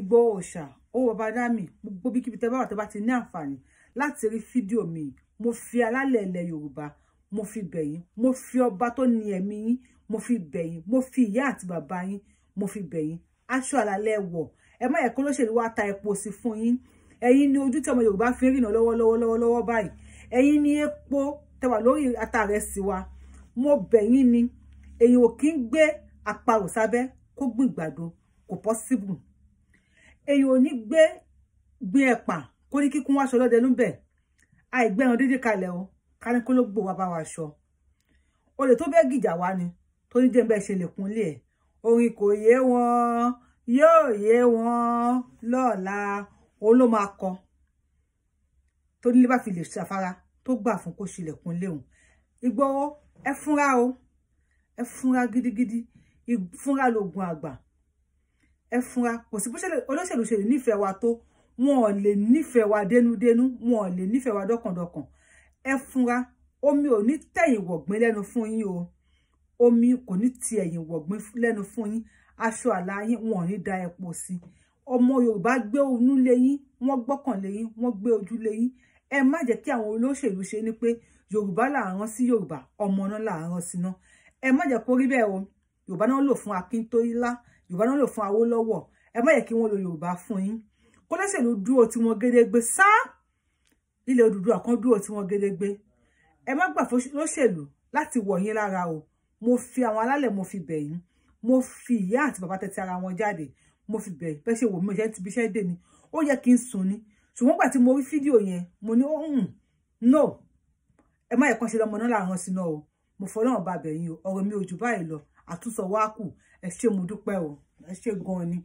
Ìgbòho Òòṣà owó bàbá dámì gbogbo bí kíbi tẹ́ bá wà tẹ́ bá ti ní àǹfààní láti rí fídíò mi mo fi alálẹ̀ ilẹ̀ Yorùbá mo fi bẹ̀ yín mo fi ọba tó ní ẹ̀mí yín mo fi bẹ̀ yín mo fi ìyá àti bàbá yín mo fi bẹ̀ yín aṣọ àlàlẹ̀ wọ̀ ẹ má yẹ lóṣèlú wa ta epo sí fún yín ẹ̀yin ni ojú tí ọmọ Yorùbá fi rìnà lọ́wọ́lọ́wọ́ báyìí ẹ̀yin ni epo tẹwà lórí àtàrẹsì wa mo bẹ̀ ni èyí ò kí ń gbé àparò sábẹ́ kó gbìn kò pọ́síbù èyàn ò ní gbé gbé ẹ̀pà kó ní kíkún wáṣọ lọ́dẹ níbẹ̀ àìgbẹ́ ẹran dídí kalẹ̀ o kánikó ló gbò wá bá wa ṣọ olè tó bẹ́ẹ̀ gìjà wá ni tó ni jẹ́ bẹ́ẹ̀ ṣe lè kúnlé ẹ̀ orin kò yé wọn yóò yé wọn lọ́la òun ló máa kọ tó nílé bá fi lè ṣàfara tó gbà fún kó ṣílẹ̀kùn léhùn ìgbọ́wọ́ ẹ fúnra o ẹ fúnra gidigidi ìfúnra lògùn àgbà ẹ fúnra kò sí olóṣèlú ṣe lè nífẹ̀ẹ́ wa tó wọn ò lè nífẹ̀ẹ́ wa dénúdénú wọn ò lè nífẹ̀ẹ́ wa dọ́kàndọ́kàn ẹ fúnra omi ò ní tẹ̀yìn wọ̀gbìn lẹ́nu fún yín o omi kò ní ti ẹ̀yìn wọ̀gbìn lẹ́nu fún yín aṣọ àlà yín wọn ò ní da epo sí ọmọ Yorùbá gbé inú lé yín wọ́n gbọ́kàn lé yín wọ́n gbé ojú lé yín ẹ má jẹ́ kí àwọn olóṣèlú ṣe ni pé Yorùbá là ń rán sí Yorùbá ọmọ náà là ń rán sí náà ẹ má jẹ́ kó rí bẹ́ẹ̀ o Yorùbá náà lò fún Akíntóyílá yorùbá náà lò fún Awólọ́wọ̀ ẹ má yẹ kí wọ́n lo yorùbá fún yín kó lẹ́sẹ̀ ló dúró tí wọ́n gédégbé sá ilẹ̀ Odùduwà kan dúró tí wọ́n gédégbé ẹ má gbà lóṣèlú láti wọ̀ yín lára o mo fi àwọn alálẹ̀ mo fi bẹ̀ yín mo fi ìyá àti bàbá tẹ́tí ara wọn jáde mo fi bẹ̀ bẹ́ ṣe wò mí ṣe ti bí iṣẹ́ dè mí ó yẹ kí n sùn ni ṣùgbọ́n gbà tí mo rí fídíò yẹn mo ní ọ̀hún no ẹ má yẹ kán ṣe lọ́mọ náà làwọn sí náà o mo fọlọ́run bá bẹ̀ yín o ọ̀rọ̀ mi ò jù báyìí lọ àtúnṣọ wá kù ẹ ṣé mo dúpẹ́ o ẹ ṣé gan ni.